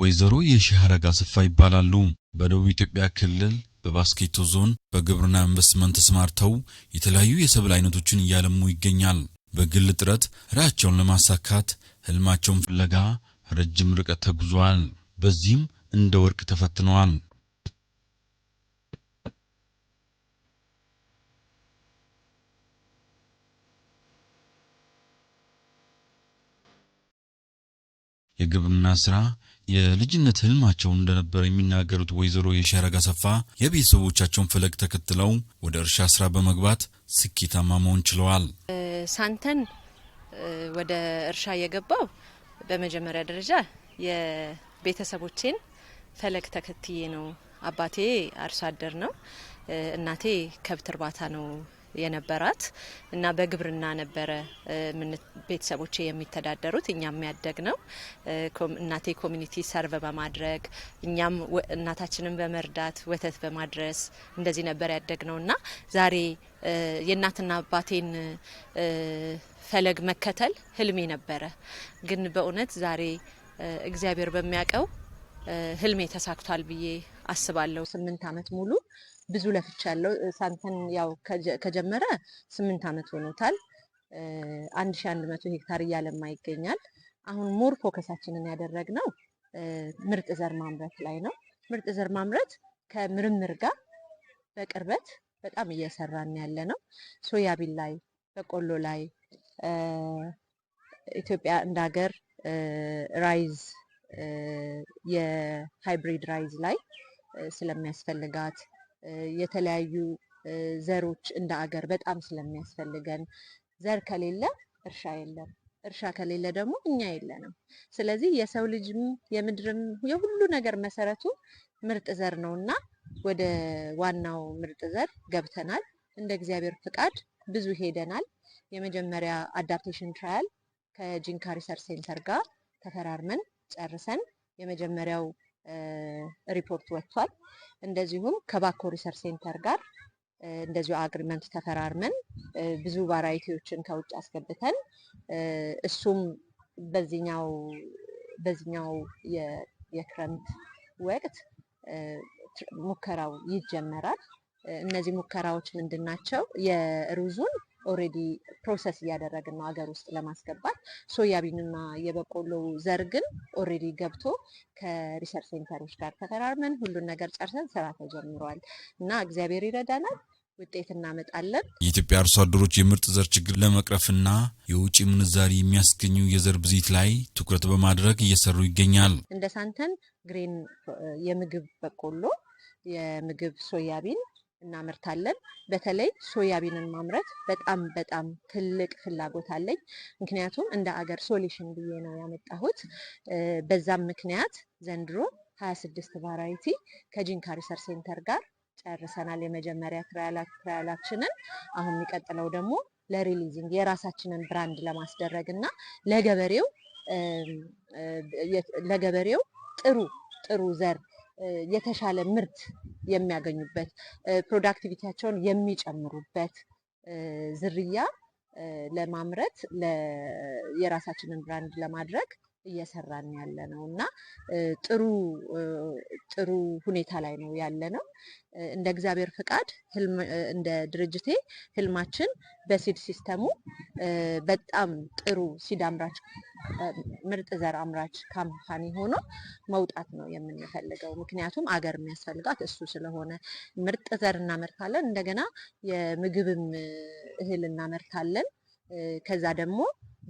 ወይዘሮ የሺህ ስፋ ይባላሉ። በደቡብ ኢትዮጵያ ክልል በባስኬቶ ዞን በግብርና ኢንቨስትመንት ተሰማርተው የተለያዩ የሰብል አይነቶችን እያለሙ ይገኛል። በግል ጥረት ራዕያቸውን ለማሳካት ህልማቸውን ፍለጋ ረጅም ርቀት ተጉዟል። በዚህም እንደ ወርቅ ተፈትነዋል። የግብርና ስራ የልጅነት ህልማቸውን እንደነበረ የሚናገሩት ወይዘሮ የሸረግ አሰፋ የቤተሰቦቻቸውን ፈለግ ተከትለው ወደ እርሻ ስራ በመግባት ስኬታማ መሆን ችለዋል። ሳንተን ወደ እርሻ የገባው በመጀመሪያ ደረጃ የቤተሰቦቼን ፈለግ ተከትዬ ነው። አባቴ አርሶ አደር ነው። እናቴ ከብት እርባታ ነው የነበራት እና በግብርና ነበረ ቤተሰቦቼ የሚተዳደሩት። እኛም ያደግ ነው እናቴ ኮሚኒቲ ሰርቭ በማድረግ እኛም እናታችንን በመርዳት ወተት በማድረስ እንደዚህ ነበር ያደግ ነው እና ዛሬ የእናትና አባቴን ፈለግ መከተል ህልሜ ነበረ። ግን በእውነት ዛሬ እግዚአብሔር በሚያውቀው ህልሜ ተሳክቷል ብዬ አስባለሁ። ስምንት አመት ሙሉ ብዙ ለፍቻለሁ። ሳንተን ያው ከጀመረ ስምንት ዓመት ሆኖታል። አንድ ሺ አንድ መቶ ሄክታር እያለማ ይገኛል። አሁን ሞር ፎከሳችንን ያደረግነው ምርጥ ዘር ማምረት ላይ ነው። ምርጥ ዘር ማምረት ከምርምር ጋር በቅርበት በጣም እየሰራን ያለ ነው። ሶያቢን ላይ፣ በቆሎ ላይ ኢትዮጵያ እንደ ሀገር ራይዝ የሃይብሪድ ራይዝ ላይ ስለሚያስፈልጋት የተለያዩ ዘሮች እንደ አገር በጣም ስለሚያስፈልገን ዘር ከሌለ እርሻ የለም፣ እርሻ ከሌለ ደግሞ እኛ የለንም። ስለዚህ የሰው ልጅም የምድርም የሁሉ ነገር መሰረቱ ምርጥ ዘር ነው እና ወደ ዋናው ምርጥ ዘር ገብተናል። እንደ እግዚአብሔር ፍቃድ ብዙ ሄደናል። የመጀመሪያ አዳፕቴሽን ትራያል ከጂንካ ሪሰርች ሴንተር ጋር ተፈራርመን ጨርሰን የመጀመሪያው ሪፖርት ወጥቷል። እንደዚሁም ከባኮ ሪሰርች ሴንተር ጋር እንደዚሁ አግሪመንት ተፈራርመን ብዙ ቫራይቲዎችን ከውጭ አስገብተን እሱም በዚኛው በዚኛው የክረምት ወቅት ሙከራው ይጀመራል። እነዚህ ሙከራዎች ምንድን ናቸው? የሩዙን ኦሬዲ ፕሮሰስ እያደረግን ነው ሀገር ውስጥ ለማስገባት። ሶያቢንና የበቆሎ ዘር ግን ኦሬዲ ገብቶ ከሪሰርች ሴንተሮች ጋር ተፈራርመን ሁሉን ነገር ጨርሰን ስራ ተጀምሯል እና እግዚአብሔር ይረዳናል ውጤት እናመጣለን። የኢትዮጵያ አርሶ አደሮች የምርጥ ዘር ችግር ለመቅረፍና የውጭ ምንዛሪ የሚያስገኙ የዘር ብዜት ላይ ትኩረት በማድረግ እየሰሩ ይገኛል። እንደ ሳንተን ግሬን የምግብ በቆሎ፣ የምግብ ሶያቢን እናመርታለን። በተለይ ሶያቢንን ማምረት በጣም በጣም ትልቅ ፍላጎት አለኝ። ምክንያቱም እንደ አገር ሶሉሽን ብዬ ነው ያመጣሁት። በዛም ምክንያት ዘንድሮ 26 ቫራይቲ ከጂንካ ሪሰርች ሴንተር ጋር ጨርሰናል የመጀመሪያ ትራያላችንን። አሁን የሚቀጥለው ደግሞ ለሪሊዚንግ የራሳችንን ብራንድ ለማስደረግ እና ለገበሬው ለገበሬው ጥሩ ጥሩ ዘር የተሻለ ምርት የሚያገኙበት ፕሮዳክቲቪቲያቸውን የሚጨምሩበት ዝርያ ለማምረት የራሳችንን ብራንድ ለማድረግ እየሰራን ያለ ነው እና ጥሩ ጥሩ ሁኔታ ላይ ነው ያለ ነው። እንደ እግዚአብሔር ፍቃድ እንደ ድርጅቴ ህልማችን በሲድ ሲስተሙ በጣም ጥሩ ሲድ አምራች ምርጥ ዘር አምራች ካምፓኒ ሆኖ መውጣት ነው የምንፈልገው። ምክንያቱም አገር የሚያስፈልጋት እሱ ስለሆነ ምርጥ ዘር እናመርታለን። እንደገና የምግብም እህል እናመርታለን። ከዛ ደግሞ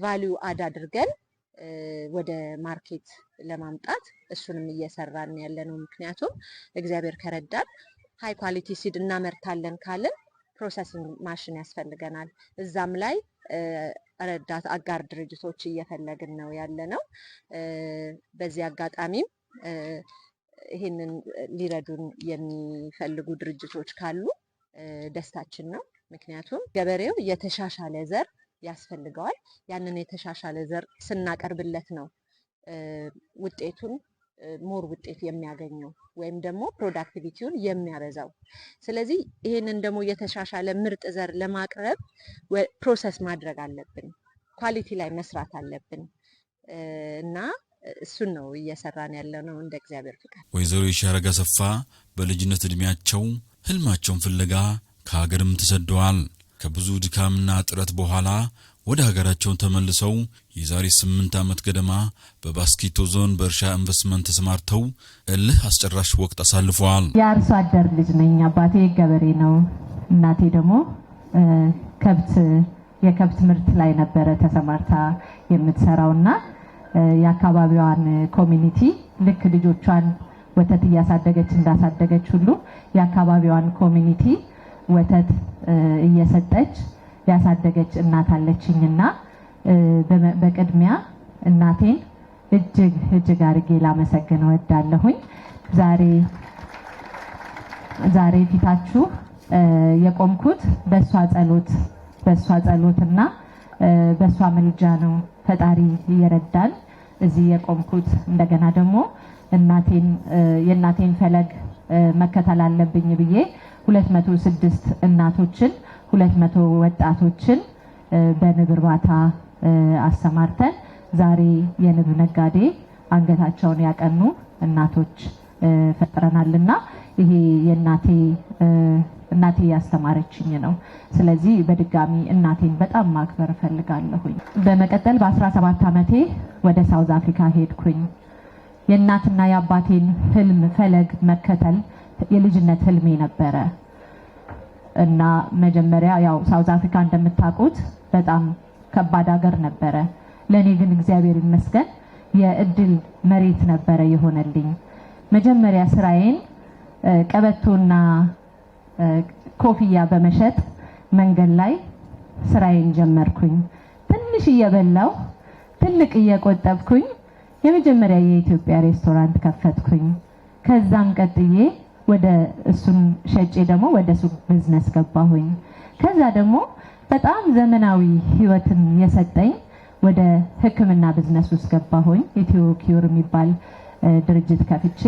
ቫሊዩ አድ አድርገን ወደ ማርኬት ለማምጣት እሱንም እየሰራን ያለ ነው። ምክንያቱም እግዚአብሔር ከረዳን ሀይ ኳሊቲ ሲድ እናመርታለን ካልን ፕሮሰሲንግ ማሽን ያስፈልገናል። እዛም ላይ ረዳት አጋር ድርጅቶች እየፈለግን ነው ያለ ነው። በዚህ አጋጣሚም ይህንን ሊረዱን የሚፈልጉ ድርጅቶች ካሉ ደስታችን ነው። ምክንያቱም ገበሬው የተሻሻለ ዘር ያስፈልገዋል። ያንን የተሻሻለ ዘር ስናቀርብለት ነው ውጤቱን ሞር ውጤት የሚያገኘው ወይም ደግሞ ፕሮዳክቲቪቲውን የሚያበዛው። ስለዚህ ይህንን ደግሞ የተሻሻለ ምርጥ ዘር ለማቅረብ ፕሮሰስ ማድረግ አለብን፣ ኳሊቲ ላይ መስራት አለብን እና እሱን ነው እየሰራን ያለ ነው እንደ እግዚአብሔር ፍቃድ። ወይዘሮ የሻረጋ ሰፋ በልጅነት እድሜያቸው ህልማቸውን ፍለጋ ከሀገርም ተሰደዋል። ከብዙ ድካምና ጥረት በኋላ ወደ ሀገራቸውን ተመልሰው የዛሬ ስምንት ዓመት ገደማ በባስኬቶ ዞን በእርሻ ኢንቨስትመንት ተሰማርተው እልህ አስጨራሽ ወቅት አሳልፈዋል። የአርሶ አደር ልጅ ነኝ። አባቴ ገበሬ ነው። እናቴ ደግሞ ከብት የከብት ምርት ላይ ነበረ ተሰማርታ የምትሰራው እና የአካባቢዋን ኮሚኒቲ ልክ ልጆቿን ወተት እያሳደገች እንዳሳደገች ሁሉ የአካባቢዋን ኮሚኒቲ ወተት እየሰጠች ያሳደገች እናት አለችኝና በቅድሚያ እናቴን እጅግ እጅግ አድርጌ ላመሰግን እወዳለሁኝ። ዛሬ ዛሬ ፊታችሁ የቆምኩት በእሷ ጸሎት በእሷ ጸሎትና በእሷ ምልጃ ነው። ፈጣሪ እየረዳን እዚህ የቆምኩት። እንደገና ደግሞ እናቴን የእናቴን ፈለግ መከተል አለብኝ ብዬ 206 እናቶችን 200 ወጣቶችን በንብ እርባታ አሰማርተን ዛሬ የንብ ነጋዴ አንገታቸውን ያቀኑ እናቶች ፈጥረናልና ይሄ የእናቴ እናቴ ያስተማረችኝ ነው። ስለዚህ በድጋሚ እናቴን በጣም ማክበር እፈልጋለሁኝ። በመቀጠል በ17 ዓመቴ ወደ ሳውዝ አፍሪካ ሄድኩኝ። የእናትና የአባቴን ህልም ፈለግ መከተል የልጅነት ህልሜ ነበረ እና መጀመሪያ ያው ሳውዝ አፍሪካ እንደምታውቁት በጣም ከባድ ሀገር ነበረ። ለእኔ ግን እግዚአብሔር ይመስገን የእድል መሬት ነበረ የሆነልኝ። መጀመሪያ ስራዬን ቀበቶና ኮፍያ በመሸጥ መንገድ ላይ ስራዬን ጀመርኩኝ። ትንሽ እየበላው ትልቅ እየቆጠብኩኝ የመጀመሪያ የኢትዮጵያ ሬስቶራንት ከፈትኩኝ። ከዛም ቀጥዬ ወደ እሱን ሸጬ ደግሞ ወደ ሱቅ ቢዝነስ ገባሁኝ። ከዛ ደግሞ በጣም ዘመናዊ ህይወትን የሰጠኝ ወደ ህክምና ቢዝነስ ውስጥ ገባሁኝ። ኢትዮ ኪዩር የሚባል ድርጅት ከፍቼ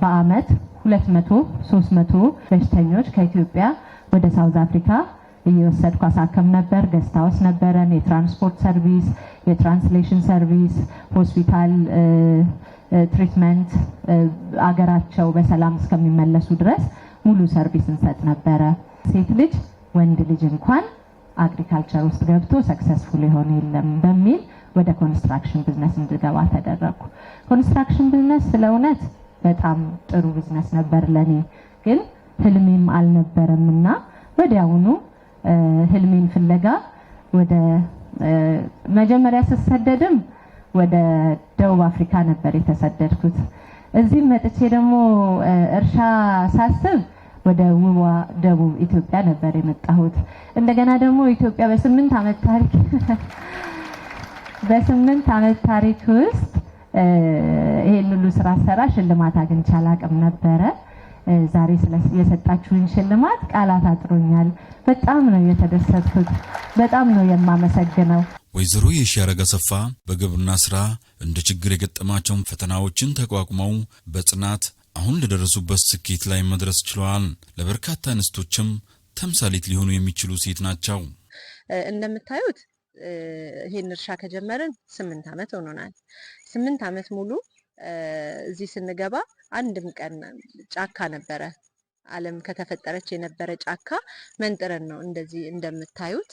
በአመት 200 300 በሽተኞች ከኢትዮጵያ ወደ ሳውዝ አፍሪካ እየወሰድኩ አሳከም ነበር። ገስታውስ ነበረን፣ የትራንስፖርት ሰርቪስ፣ የትራንስሌሽን ሰርቪስ፣ ሆስፒታል ትሪትመንት፣ አገራቸው በሰላም እስከሚመለሱ ድረስ ሙሉ ሰርቪስ እንሰጥ ነበረ። ሴት ልጅ ወንድ ልጅ እንኳን አግሪካልቸር ውስጥ ገብቶ ሰክሰስፉል የሆነ የለም በሚል ወደ ኮንስትራክሽን ቢዝነስ እንድገባ ተደረግኩ። ኮንስትራክሽን ቢዝነስ ስለ እውነት በጣም ጥሩ ቢዝነስ ነበር ለኔ፣ ግን ህልሜም አልነበረም እና ወዲያውኑ ህልሜን ፍለጋ ወደ መጀመሪያ ስሰደድም ወደ ደቡብ አፍሪካ ነበር የተሰደድኩት። እዚህም መጥቼ ደግሞ እርሻ ሳስብ ወደ ውቧ ደቡብ ኢትዮጵያ ነበር የመጣሁት። እንደገና ደግሞ ኢትዮጵያ በስምንት ዓመት ታሪክ በስምንት ዓመት ታሪክ ውስጥ ይሄን ሁሉ ስራ ሰራ ሽልማት አግኝቼ አላቅም ነበረ። ዛሬ የሰጣችሁን ሽልማት ቃላት አጥሮኛል። በጣም ነው የተደሰትኩት። በጣም ነው የማመሰግነው። ወይዘሮ የሺያረግ አሰፋ በግብርና ስራ እንደ ችግር የገጠማቸውን ፈተናዎችን ተቋቁመው በጽናት አሁን ለደረሱበት ስኬት ላይ መድረስ ችለዋል። ለበርካታ እንስቶችም ተምሳሌት ሊሆኑ የሚችሉ ሴት ናቸው። እንደምታዩት ይህን እርሻ ከጀመርን ስምንት ዓመት ሆኖናል። ስምንት ዓመት ሙሉ እዚህ ስንገባ አንድም ቀን ጫካ ነበረ ዓለም ከተፈጠረች የነበረ ጫካ መንጥረን ነው እንደዚህ እንደምታዩት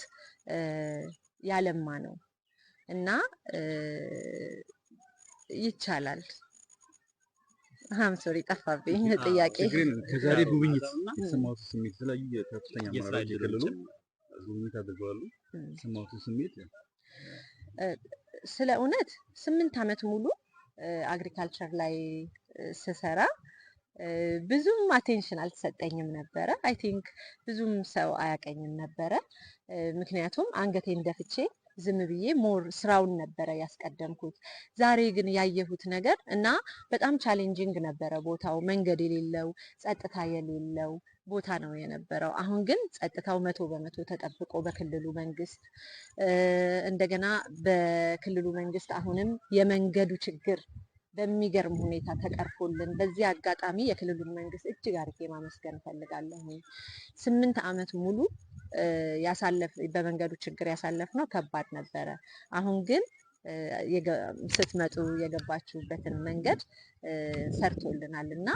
ያለማ ነው እና ይቻላል። ሀም ሶሪ ጠፋብኝ ጥያቄ ከዛሬ ጉብኝት የሰማሁት ስሜት የተለያዩ ከፍተኛ አመራሮች የክልሉ ጉብኝት አድርገዋሉ። የሰማሁት ስሜት ስለ እውነት ስምንት አመት ሙሉ አግሪካልቸር ላይ ስሰራ ብዙም አቴንሽን አልተሰጠኝም ነበረ። አይ ቲንክ ብዙም ሰው አያቀኝም ነበረ። ምክንያቱም አንገቴን ደፍቼ ዝም ብዬ ሞር ስራውን ነበረ ያስቀደምኩት። ዛሬ ግን ያየሁት ነገር እና በጣም ቻሌንጂንግ ነበረ ቦታው። መንገድ የሌለው ጸጥታ የሌለው ቦታ ነው የነበረው። አሁን ግን ጸጥታው መቶ በመቶ ተጠብቆ በክልሉ መንግስት እንደገና በክልሉ መንግስት አሁንም የመንገዱ ችግር በሚገርም ሁኔታ ተቀርፎልን በዚህ አጋጣሚ የክልሉን መንግስት እጅግ አድርጌ ማመስገን እፈልጋለሁ። ስምንት ዓመት ሙሉ ያሳለፍ በመንገዱ ችግር ያሳለፍ ነው ከባድ ነበረ። አሁን ግን ስትመጡ የገባችሁበትን መንገድ ሰርቶልናል እና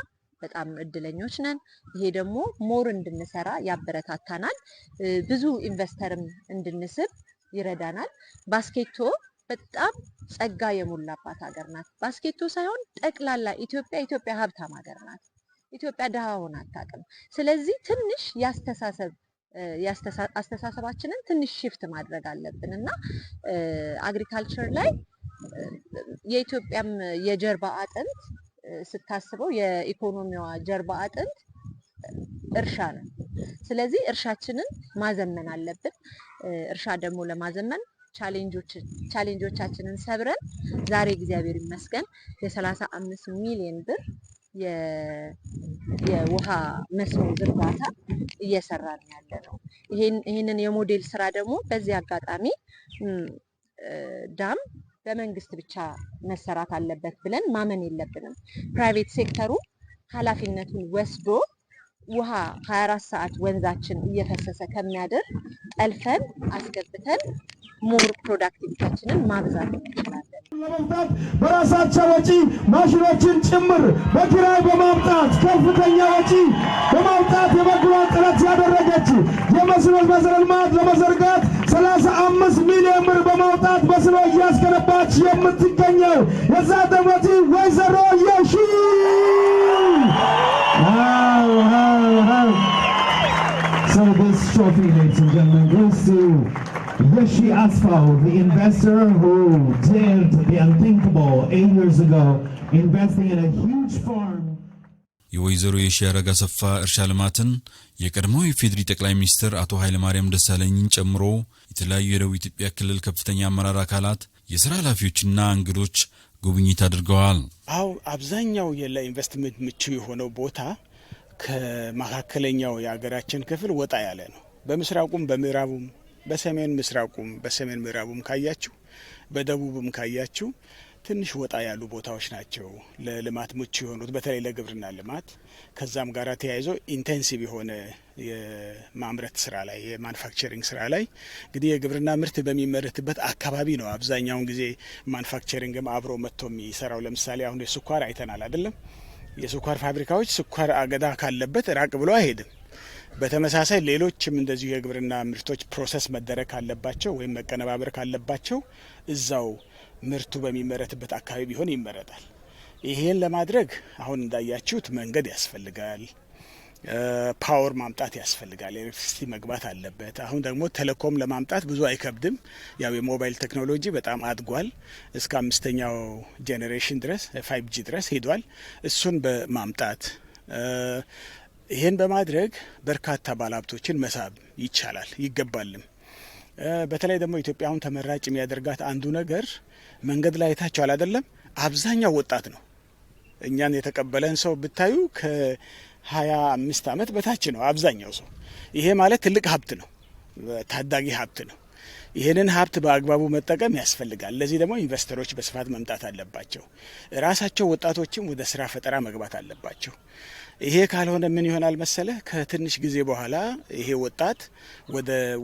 በጣም እድለኞች ነን። ይሄ ደግሞ ሞር እንድንሰራ ያበረታታናል። ብዙ ኢንቨስተርም እንድንስብ ይረዳናል። ባስኬቶ በጣም ጸጋ የሞላባት ሀገር ናት። ባስኬቶ ሳይሆን ጠቅላላ ኢትዮጵያ ኢትዮጵያ ሀብታም ሀገር ናት። ኢትዮጵያ ድሃ ሆና አታውቅም። ስለዚህ ትንሽ ያስተሳሰብ አስተሳሰባችንን ትንሽ ሽፍት ማድረግ አለብን እና አግሪካልቸር ላይ የኢትዮጵያም የጀርባ አጥንት ስታስበው የኢኮኖሚዋ ጀርባ አጥንት እርሻ ነው። ስለዚህ እርሻችንን ማዘመን አለብን። እርሻ ደግሞ ለማዘመን ቻሌንጆቻችንን ሰብረን ዛሬ እግዚአብሔር ይመስገን የ 35 ሚሊዮን ብር የውሃ መስኖ ዝርጋታ እየሰራን ያለ ነው። ይህንን የሞዴል ስራ ደግሞ በዚህ አጋጣሚ ዳም በመንግስት ብቻ መሰራት አለበት ብለን ማመን የለብንም። ፕራይቬት ሴክተሩ ኃላፊነቱን ወስዶ ውሃ 24 ሰዓት ወንዛችን እየፈሰሰ ከሚያደር ጠልፈን አስገብተን ሞር ፕሮዳክቲቪታችንን ማብዛት እንችላለን። ለመምጣት በራሳቸው ወጪ ማሽኖችን ጭምር በኪራይ በማምጣት ከፍተኛ ወጪ በማምጣት የበኩሏን ጥረት ያደረገች የመስኖ መሰረተ ልማት ለመዘርጋት ሰላሳ አምስት ሚሊዮን ብር በማውጣት መስኖ እያስገነባች የምትገኘው የዛ ደብረቲ ወይዘሮ የሺ Hershey she the investor who did the unthinkable eight years ago, investing in a huge farm. የወይዘሮ የሺያረግ አሰፋ እርሻ ልማትን የቀድሞው የፌዴሪ ጠቅላይ ሚኒስትር አቶ ኃይለማርያም ደሳለኝን ጨምሮ የተለያዩ የደቡብ ኢትዮጵያ ክልል ከፍተኛ አመራር አካላት፣ የስራ ኃላፊዎችና እንግዶች ጉብኝት አድርገዋል። አው አብዛኛው ለኢንቨስትመንት ምቹ የሆነው ቦታ ከመካከለኛው የሀገራችን ክፍል ወጣ ያለ ነው። በምስራቁም በምዕራቡም በሰሜን ምስራቁም በሰሜን ምዕራቡም ካያችሁ በደቡብም ካያችሁ ትንሽ ወጣ ያሉ ቦታዎች ናቸው ለልማት ምቹ የሆኑት በተለይ ለግብርና ልማት ከዛም ጋር ተያይዞ ኢንቴንሲቭ የሆነ የማምረት ስራ ላይ የማኑፋክቸሪንግ ስራ ላይ እንግዲህ የግብርና ምርት በሚመረትበት አካባቢ ነው አብዛኛውን ጊዜ ማኑፋክቸሪንግም አብሮ መጥቶ የሚሰራው። ለምሳሌ አሁን የስኳር አይተናል አይደለም? የስኳር ፋብሪካዎች ስኳር አገዳ ካለበት ራቅ ብሎ አይሄድም። በተመሳሳይ ሌሎችም እንደዚሁ የግብርና ምርቶች ፕሮሰስ መደረግ ካለባቸው ወይም መቀነባበር ካለባቸው እዛው ምርቱ በሚመረትበት አካባቢ ቢሆን ይመረጣል። ይሄን ለማድረግ አሁን እንዳያችሁት መንገድ ያስፈልጋል፣ ፓወር ማምጣት ያስፈልጋል፣ ኤሌክትሪሲቲ መግባት አለበት። አሁን ደግሞ ቴሌኮም ለማምጣት ብዙ አይከብድም። ያው የሞባይል ቴክኖሎጂ በጣም አድጓል። እስከ አምስተኛው ጄኔሬሽን ድረስ ፋይቭ ጂ ድረስ ሄዷል። እሱን በማምጣት ይህን በማድረግ በርካታ ባለሀብቶችን መሳብ ይቻላል ይገባልም። በተለይ ደግሞ ኢትዮጵያ አሁን ተመራጭ የሚያደርጋት አንዱ ነገር መንገድ ላይ አይታችኋል አላደለም፣ አብዛኛው ወጣት ነው። እኛን የተቀበለን ሰው ብታዩ ከሀያ አምስት ዓመት በታች ነው አብዛኛው ሰው። ይሄ ማለት ትልቅ ሀብት ነው፣ ታዳጊ ሀብት ነው። ይህንን ሀብት በአግባቡ መጠቀም ያስፈልጋል። ለዚህ ደግሞ ኢንቨስተሮች በስፋት መምጣት አለባቸው። ራሳቸው ወጣቶችም ወደ ስራ ፈጠራ መግባት አለባቸው። ይሄ ካልሆነ ምን ይሆናል መሰለህ? ከትንሽ ጊዜ በኋላ ይሄ ወጣት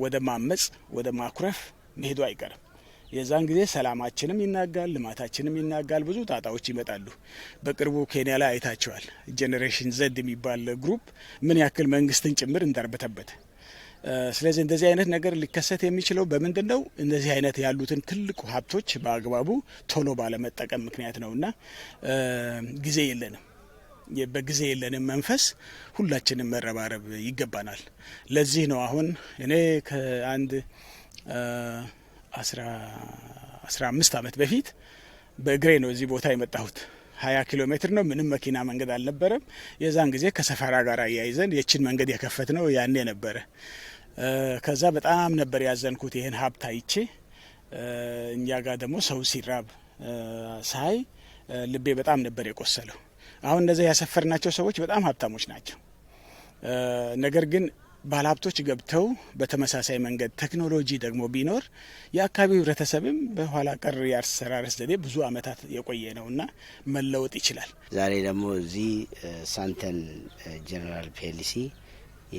ወደ ማመፅ ወደ ማኩረፍ መሄዱ አይቀርም። የዛን ጊዜ ሰላማችንም ይናጋል፣ ልማታችንም ይናጋል፣ ብዙ ጣጣዎች ይመጣሉ። በቅርቡ ኬንያ ላይ አይታቸዋል። ጄኔሬሽን ዘድ የሚባል ግሩፕ ምን ያክል መንግስትን ጭምር እንዳርበተበት። ስለዚህ እንደዚህ አይነት ነገር ሊከሰት የሚችለው በምንድን ነው? እንደዚህ አይነት ያሉትን ትልቁ ሀብቶች በአግባቡ ቶሎ ባለመጠቀም ምክንያት ነውና ጊዜ የለንም። በጊዜ የለንም መንፈስ ሁላችንም መረባረብ ይገባናል። ለዚህ ነው አሁን እኔ ከአንድ አስራ አምስት አመት በፊት በእግሬ ነው እዚህ ቦታ የመጣሁት። ሀያ ኪሎ ሜትር ነው። ምንም መኪና መንገድ አልነበረም። የዛን ጊዜ ከሰፈራ ጋር አያይዘን የችን መንገድ የከፈት ነው ያኔ ነበረ። ከዛ በጣም ነበር ያዘንኩት ይህን ሀብት አይቼ እኛ ጋር ደግሞ ሰው ሲራብ ሳይ ልቤ በጣም ነበር የቆሰለው። አሁን እንደዚያ ያሰፈርናቸው ሰዎች በጣም ሀብታሞች ናቸው። ነገር ግን ባለሀብቶች ገብተው በተመሳሳይ መንገድ ቴክኖሎጂ ደግሞ ቢኖር የአካባቢው ህብረተሰብም በኋላ ቀር የአሰራረስ ዘዴ ብዙ አመታት የቆየ ነውና መለወጥ ይችላል። ዛሬ ደግሞ እዚህ ሳንተን ጀነራል ፔሊሲ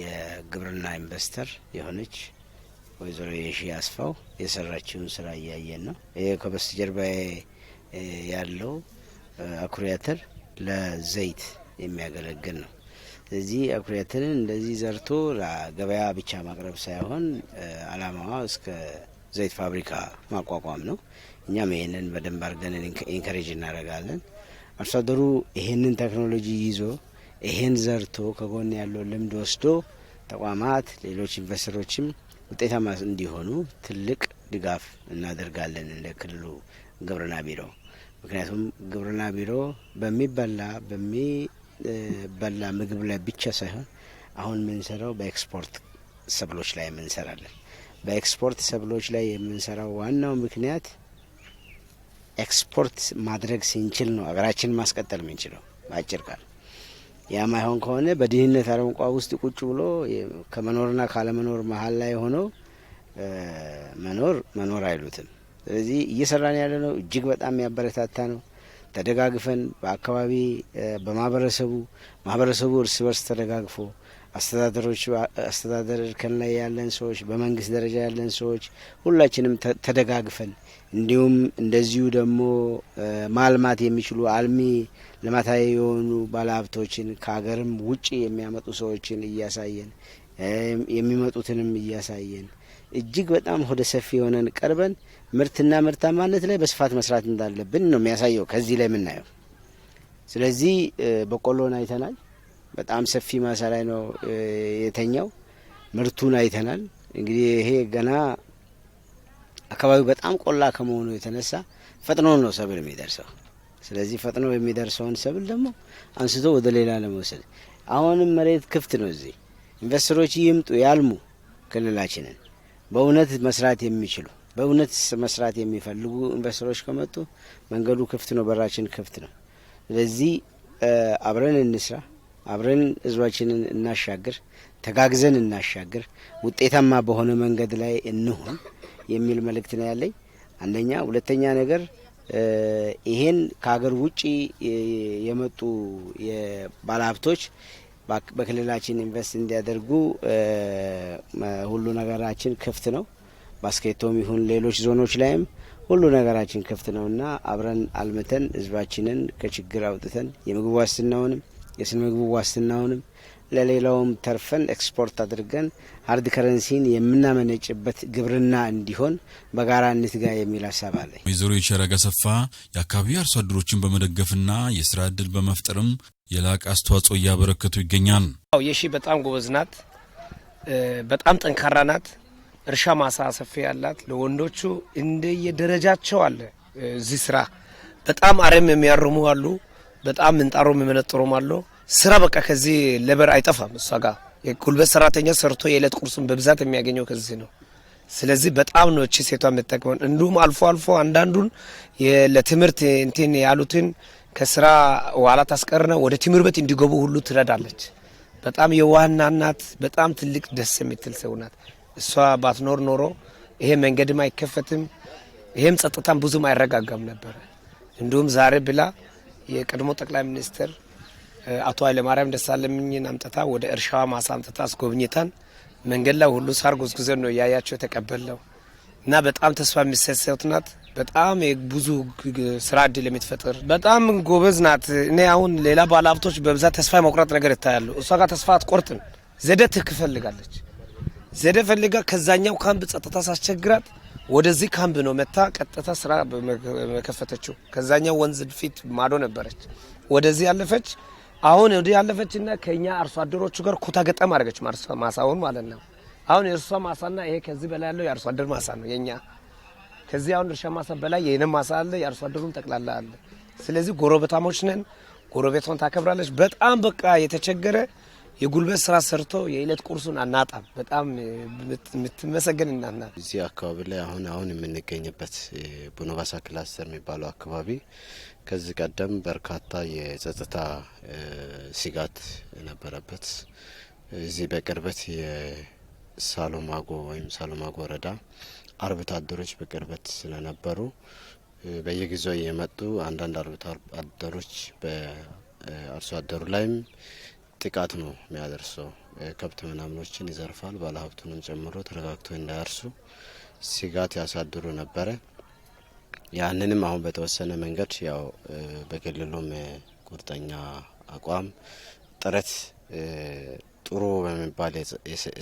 የግብርና ኢንቨስተር የሆነች ወይዘሮ የሺ አስፋው የሰራችውን ስራ እያየን ነው። ከበስተጀርባ ያለው አኩሪ አተር ለዘይት የሚያገለግል ነው። ስለዚህ አኩሪ አተርን እንደዚህ ዘርቶ ለገበያ ብቻ ማቅረብ ሳይሆን አላማዋ እስከ ዘይት ፋብሪካ ማቋቋም ነው። እኛም ይህንን በደንብ አርገን ኢንከሬጅ እናደርጋለን። አርሶ አደሩ ይህንን ቴክኖሎጂ ይዞ ይህን ዘርቶ ከጎን ያለው ልምድ ወስዶ ተቋማት፣ ሌሎች ኢንቨስተሮችም ውጤታማ እንዲሆኑ ትልቅ ድጋፍ እናደርጋለን እንደ ክልሉ ግብርና ቢሮ ምክንያቱም ግብርና ቢሮ በሚበላ በሚበላ ምግብ ላይ ብቻ ሳይሆን አሁን የምንሰራው በኤክስፖርት ሰብሎች ላይ የምንሰራለን። በኤክስፖርት ሰብሎች ላይ የምንሰራው ዋናው ምክንያት ኤክስፖርት ማድረግ ስንችል ነው ሀገራችንን ማስቀጠል የምንችለው በአጭር ቃል። ያ ማይሆን ከሆነ በድህነት አረንቋ ውስጥ ቁጭ ብሎ ከመኖርና ካለመኖር መሀል ላይ ሆኖ መኖር መኖር አይሉትም። ስለዚህ እየሰራን ያለ ነው እጅግ በጣም ያበረታታ ነው። ተደጋግፈን በአካባቢ በማህበረሰቡ ማህበረሰቡ እርስ በርስ ተደጋግፎ አስተዳደሮች አስተዳደር እርከን ላይ ያለን ሰዎች፣ በመንግስት ደረጃ ያለን ሰዎች ሁላችንም ተደጋግፈን እንዲሁም እንደዚሁ ደግሞ ማልማት የሚችሉ አልሚ ልማታዊ የሆኑ ባለሀብቶችን ከሀገርም ውጭ የሚያመጡ ሰዎችን እያሳየን የሚመጡትንም እያሳየን እጅግ በጣም ወደ ሰፊ የሆነን ቀርበን ምርትና ምርታማነት ላይ በስፋት መስራት እንዳለብን ነው የሚያሳየው ከዚህ ላይ የምናየው። ስለዚህ በቆሎን አይተናል። በጣም ሰፊ ማሳ ላይ ነው የተኛው። ምርቱን አይተናል። እንግዲህ ይሄ ገና አካባቢው በጣም ቆላ ከመሆኑ የተነሳ ፈጥኖ ነው ሰብል የሚደርሰው። ስለዚህ ፈጥኖ የሚደርሰውን ሰብል ደግሞ አንስቶ ወደ ሌላ ለመውሰድ አሁንም መሬት ክፍት ነው። እዚህ ኢንቨስተሮች ይምጡ፣ ያልሙ ክልላችንን በእውነት መስራት የሚችሉ በእውነት መስራት የሚፈልጉ ኢንቨስተሮች ከመጡ መንገዱ ክፍት ነው፣ በራችን ክፍት ነው። ስለዚህ አብረን እንስራ፣ አብረን ህዝባችንን እናሻግር፣ ተጋግዘን እናሻግር፣ ውጤታማ በሆነ መንገድ ላይ እንሁን የሚል መልእክት ነው ያለኝ። አንደኛ። ሁለተኛ ነገር ይሄን ከሀገር ውጭ የመጡ ባለሀብቶች በክልላችን ኢንቨስት እንዲያደርጉ ሁሉ ነገራችን ክፍት ነው። ባስኬቶም ይሁን ሌሎች ዞኖች ላይም ሁሉ ነገራችን ክፍት ነውና አብረን አልምተን ህዝባችንን ከችግር አውጥተን የምግብ ዋስትናውንም የስነ ምግብ ዋስትናውንም ለሌላውም ተርፈን ኤክስፖርት አድርገን ሀርድ ከረንሲን የምናመነጭበት ግብርና እንዲሆን በጋራ እንትጋ የሚል ሀሳብ አለ። ወይዘሮ የሸረ ሰፋ የአካባቢ አርሶ አደሮችን በመደገፍና የስራ እድል በመፍጠርም የላቀ አስተዋጽኦ እያበረከቱ ይገኛል። የሺ በጣም ጎበዝ ናት። በጣም ጠንካራ ናት። እርሻ ማሳ ሰፊ ያላት ለወንዶቹ እንደየደረጃቸው አለ። እዚህ ስራ በጣም አረም የሚያርሙ አሉ። በጣም ምንጣሮ የሚመነጥሩም አሉ። ስራ በቃ ከዚህ ለበር አይጠፋም። እሷ ጋር የጉልበት ሰራተኛ ሰርቶ የዕለት ቁርሱን በብዛት የሚያገኘው ከዚህ ነው። ስለዚህ በጣም ነው እቺ ሴቷ የምጠቅመን። እንዲሁም አልፎ አልፎ አንዳንዱን ለትምህርት እንትን ያሉትን ከስራ ዋላ ታስቀርነ ወደ ትምህርት ቤት እንዲገቡ ሁሉ ትረዳለች። በጣም የዋህና ናት። በጣም ትልቅ ደስ የምትል ሰው ናት። እሷ ባትኖር ኖሮ ይሄ መንገድም አይከፈትም፣ ይሄም ጸጥታም ብዙም አይረጋጋም ነበር። እንዲሁም ዛሬ ብላ የቀድሞ ጠቅላይ ሚኒስትር አቶ ኃይለማርያም ደሳለኝን አምጥታ ወደ እርሻዋ ማሳ አምጥታ አስጎብኝታን መንገድ ላይ ሁሉ ሳር ጎዝጉዘን ነው እያያቸው የተቀበለው እና በጣም ተስፋ የሚሰሰት ናት። በጣም ብዙ ስራ እድል የምትፈጥር በጣም ጎበዝ ናት። እኔ አሁን ሌላ ባለሀብቶች በብዛት ተስፋ የመቁረጥ ነገር ይታያሉ። እሷ ጋር ተስፋ አትቆርጥም፣ ዘደትህ ትፈልጋለች። ዘዴ ፈልጋ ከዛኛው ካምፕ ጸጥታ ሳስቸግራት ወደዚህ ካምፕ ነው መታ ቀጥታ ስራ መከፈተችው። ከዛኛው ወንዝ ፊት ማዶ ነበረች፣ ወደዚህ ያለፈች አሁን ወዲህ ያለፈች እና ከኛ አርሶ አደሮቹ ጋር ኩታ ገጠም አደረገች ማሳውን ማለት ነው። አሁን የእርሷ ማሳና ይሄ ከዚህ በላይ ያለው የአርሶ አደር ማሳ ነው የኛ። ከዚህ አሁን እርሻ ማሳ በላይ የኔ ማሳ አለ፣ የአርሶ አደሩም ጠቅላላ አለ። ስለዚህ ጎረቤታሞች ነን። ጎረቤቷን ታከብራለች በጣም በቃ የተቸገረ የጉልበት ስራ ሰርቶ የእለት ቁርሱን አናጣም። በጣም የምትመሰገን እናት ናት። እዚህ አካባቢ ላይ አሁን አሁን የምንገኝበት ቡኖባሳ ክላስተር የሚባለው አካባቢ ከዚህ ቀደም በርካታ የጸጥታ ስጋት የነበረበት እዚህ በቅርበት የሳሎማጎ ወይም ሳሎማጎ ወረዳ አርብቶ አደሮች በቅርበት ስለነበሩ በየጊዜው የመጡ አንዳንድ አርብቶ አደሮች በአርሶ አደሩ ላይም ጥቃት ነው የሚያደርሰው። ከብት ምናምኖችን ይዘርፋል። ባለሀብቱንም ጨምሮ ተረጋግቶ እንዳያርሱ ስጋት ያሳድሩ ነበረ። ያንንም አሁን በተወሰነ መንገድ ያው በክልሉም ቁርጠኛ አቋም ጥረት ጥሩ በሚባል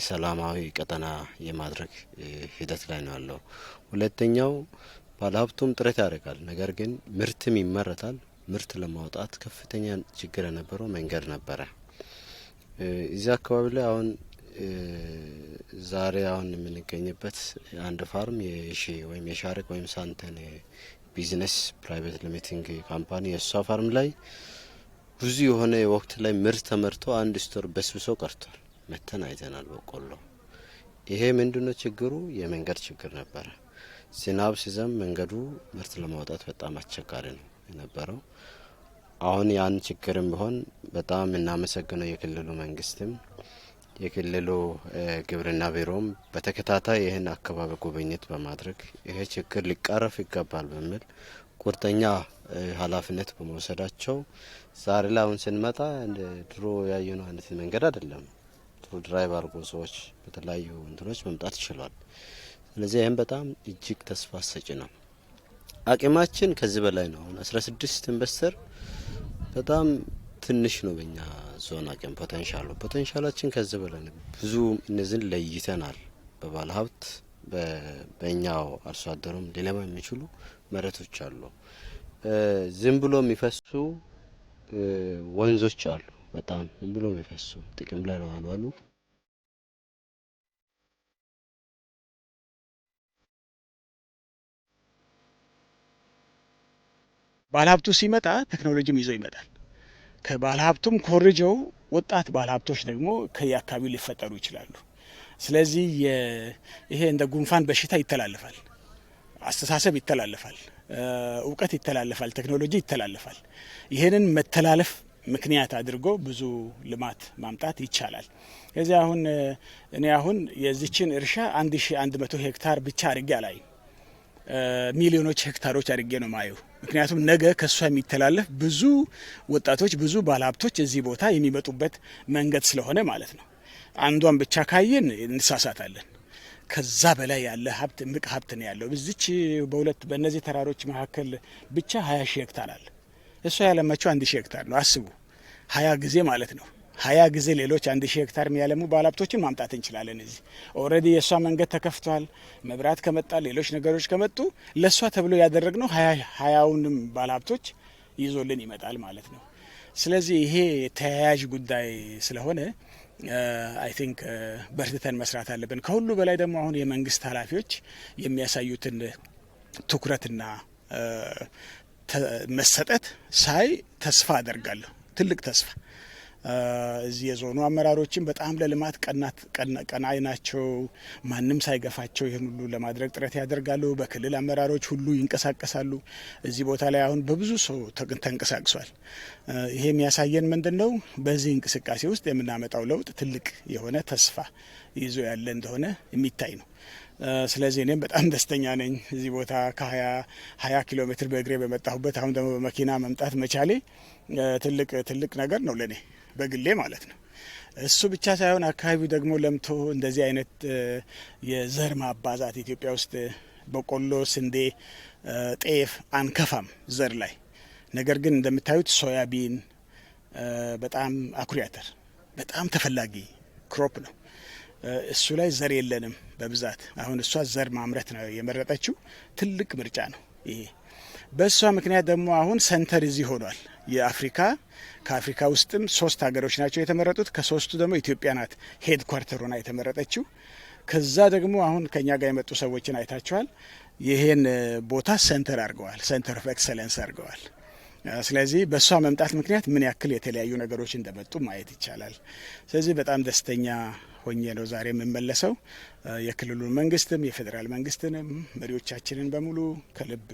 የሰላማዊ ቀጠና የማድረግ ሂደት ላይ ነው ያለው። ሁለተኛው ባለሀብቱም ጥረት ያደርጋል። ነገር ግን ምርትም ይመረታል። ምርት ለማውጣት ከፍተኛ ችግር የነበረው መንገድ ነበረ። እዚህ አካባቢ ላይ አሁን ዛሬ አሁን የምንገኝበት አንድ ፋርም የሺ ወይም የሻርቅ ወይም ሳንተን ቢዝነስ ፕራይቬት ሊሚቲንግ ካምፓኒ የእሷ ፋርም ላይ ብዙ የሆነ ወቅት ላይ ምርት ተመርቶ አንድ ስቶር በስብሶ ቀርቷል። መተን አይተናል። በቆሎ ይሄ ምንድነው ችግሩ? የመንገድ ችግር ነበረ። ዝናብ ሲዘም መንገዱ ምርት ለማውጣት በጣም አስቸጋሪ ነው የነበረው። አሁን ያን ችግርም ቢሆን በጣም የምናመሰግነው የክልሉ መንግስትም የክልሉ ግብርና ቢሮም በተከታታይ ይህን አካባቢ ጉብኝት በማድረግ ይሄ ችግር ሊቀረፍ ይገባል በሚል ቁርጠኛ ኃላፊነት በመውሰዳቸው ዛሬ ላይ አሁን ስንመጣ እንደ ድሮ ያየነው አይነት መንገድ አይደለም። ጥሩ ድራይቭ አድርጎ ሰዎች በተለያዩ እንትኖች መምጣት ይችሏል። ስለዚህ ይህም በጣም እጅግ ተስፋ ሰጪ ነው። አቅማችን ከዚህ በላይ ነው። አሁን 16 ኢንቨስተር በጣም ትንሽ ነው። በእኛ ዞን አቅም ፖቴንሻሉ ፖቴንሻላችን ከዚህ በላይ ነው። ብዙ እነዚህን ለይተናል። በባለ ሀብት በእኛው አርሶ አደሩም ሊለማ የሚችሉ መሬቶች አሉ። ዝም ብሎ የሚፈሱ ወንዞች አሉ። በጣም ዝም ብሎ የሚፈሱ ጥቅም ላይ ነው አሉ ባለሀብቱ ሲመጣ ቴክኖሎጂም ይዞ ይመጣል። ከባለሀብቱም ኮርጀው ወጣት ባለሀብቶች ደግሞ ከየአካባቢው ሊፈጠሩ ይችላሉ። ስለዚህ ይሄ እንደ ጉንፋን በሽታ ይተላለፋል፣ አስተሳሰብ ይተላለፋል፣ እውቀት ይተላለፋል፣ ቴክኖሎጂ ይተላለፋል። ይህንን መተላለፍ ምክንያት አድርጎ ብዙ ልማት ማምጣት ይቻላል። ከዚህ አሁን እኔ አሁን የዚችን እርሻ 1100 ሄክታር ብቻ አድርጌ አላይም። ሚሊዮኖች ሄክታሮች አድርጌ ነው ማየው። ምክንያቱም ነገ ከእሷ የሚተላለፍ ብዙ ወጣቶች፣ ብዙ ባለሀብቶች እዚህ ቦታ የሚመጡበት መንገድ ስለሆነ ማለት ነው። አንዷን ብቻ ካየን እንሳሳታለን። ከዛ በላይ ያለ ሀብት እምቅ ሀብት ነው ያለው። በዚች በሁለት በእነዚህ ተራሮች መካከል ብቻ ሀያ ሺህ ሄክታር አለ። እሷ ያለማቸው አንድ ሺህ ሄክታር ነው። አስቡ ሀያ ጊዜ ማለት ነው። ሀያ ጊዜ ሌሎች አንድ ሺህ ሄክታር የሚያለሙ ባለሀብቶችን ማምጣት እንችላለን። እዚህ ኦልሬዲ የእሷ መንገድ ተከፍቷል። መብራት ከመጣ ሌሎች ነገሮች ከመጡ ለእሷ ተብሎ ያደረግነው ሀያውንም ባለሀብቶች ይዞልን ይመጣል ማለት ነው። ስለዚህ ይሄ ተያያዥ ጉዳይ ስለሆነ አይ uh, ቲንክ uh, በርትተን መስራት አለብን። ከሁሉ በላይ ደግሞ አሁን የመንግስት ኃላፊዎች የሚያሳዩትን ትኩረትና uh, መሰጠት ሳይ ተስፋ አደርጋለሁ ትልቅ ተስፋ እዚህ የዞኑ አመራሮችን በጣም ለልማት ቀናይ ናቸው። ማንም ሳይገፋቸው ይህን ሁሉ ለማድረግ ጥረት ያደርጋሉ። በክልል አመራሮች ሁሉ ይንቀሳቀሳሉ። እዚህ ቦታ ላይ አሁን በብዙ ሰው ተንቀሳቅሷል። ይሄ የሚያሳየን ምንድን ነው? በዚህ እንቅስቃሴ ውስጥ የምናመጣው ለውጥ ትልቅ የሆነ ተስፋ ይዞ ያለ እንደሆነ የሚታይ ነው። ስለዚህ እኔም በጣም ደስተኛ ነኝ። እዚህ ቦታ ከሀያ ኪሎ ሜትር በእግሬ በመጣሁበት አሁን ደግሞ በመኪና መምጣት መቻሌ ትልቅ ትልቅ ነገር ነው ለእኔ በግሌ ማለት ነው። እሱ ብቻ ሳይሆን አካባቢው ደግሞ ለምቶ እንደዚህ አይነት የዘር ማባዛት ኢትዮጵያ ውስጥ በቆሎ፣ ስንዴ፣ ጤፍ አንከፋም ዘር ላይ ነገር ግን እንደምታዩት ሶያቢን በጣም አኩሪ አተር በጣም ተፈላጊ ክሮፕ ነው። እሱ ላይ ዘር የለንም በብዛት አሁን እሷ ዘር ማምረት ነው የመረጠችው። ትልቅ ምርጫ ነው ይሄ። በእሷ ምክንያት ደግሞ አሁን ሰንተር እዚህ ሆኗል። የአፍሪካ ከአፍሪካ ውስጥም ሶስት ሀገሮች ናቸው የተመረጡት። ከሶስቱ ደግሞ ኢትዮጵያ ናት ሄድ ኳርተር ሆና የተመረጠችው። ከዛ ደግሞ አሁን ከኛ ጋር የመጡ ሰዎችን አይታችኋል። ይሄን ቦታ ሰንተር አድርገዋል፣ ሰንተር ኦፍ ኤክሰለንስ አድርገዋል። ስለዚህ በእሷ መምጣት ምክንያት ምን ያክል የተለያዩ ነገሮች እንደመጡ ማየት ይቻላል። ስለዚህ በጣም ደስተኛ ሆኜ ነው ዛሬ የምመለሰው። የክልሉን መንግስትም የፌዴራል መንግስትንም መሪዎቻችንን በሙሉ ከልብ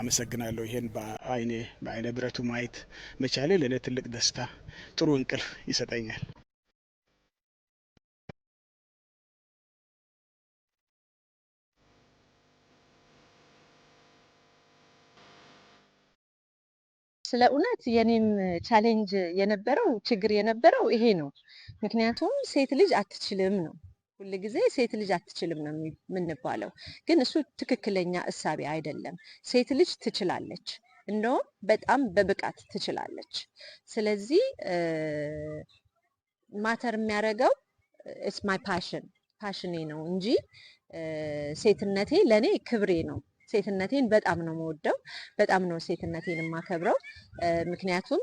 አመሰግናለሁ። ይሄን በአይኔ በአይነ ብረቱ ማየት መቻሌ ለእኔ ትልቅ ደስታ፣ ጥሩ እንቅልፍ ይሰጠኛል። ስለ እውነት የኔም ቻሌንጅ የነበረው ችግር የነበረው ይሄ ነው። ምክንያቱም ሴት ልጅ አትችልም ነው ሁል ጊዜ ሴት ልጅ አትችልም ነው የምንባለው፣ ግን እሱ ትክክለኛ እሳቤ አይደለም። ሴት ልጅ ትችላለች፣ እንደውም በጣም በብቃት ትችላለች። ስለዚህ ማተር የሚያደርገው ኢትስ ማይ ፓሽን ፓሽኔ ነው እንጂ ሴትነቴ ለእኔ ክብሬ ነው። ሴትነቴን በጣም ነው የምወደው፣ በጣም ነው ሴትነቴን የማከብረው። ምክንያቱም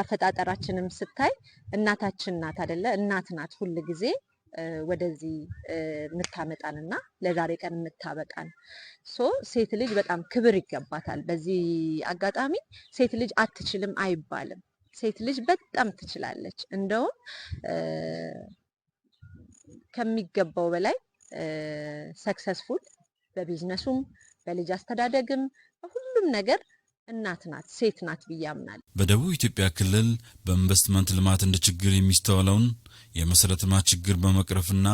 አፈጣጠራችንም ስታይ እናታችን ናት አደለ? እናት ናት ሁል ጊዜ ወደዚህ የምታመጣን እና ለዛሬ ቀን የምታበቃን። ሶ ሴት ልጅ በጣም ክብር ይገባታል። በዚህ አጋጣሚ ሴት ልጅ አትችልም አይባልም። ሴት ልጅ በጣም ትችላለች። እንደውም ከሚገባው በላይ ሰክሰስፉል በቢዝነሱም በልጅ አስተዳደግም በሁሉም ነገር እናት ናት፣ ሴት ናት ብዬ አምናለሁ። በደቡብ ኢትዮጵያ ክልል በኢንቨስትመንት ልማት እንደ ችግር የሚስተዋለውን የመሰረተ ልማት ችግር በመቅረፍና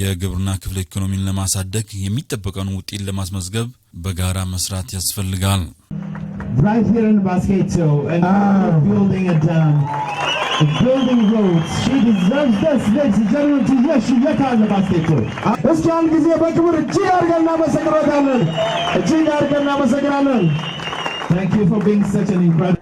የግብርና ክፍለ ኢኮኖሚን ለማሳደግ የሚጠበቀውን ውጤት ለማስመዝገብ በጋራ መስራት ያስፈልጋል። እስኪ አንድ ጊዜ በክብር እጅግ አድርገን እናመሰግናለን። እጅግ አድርገን እናመሰግናለን።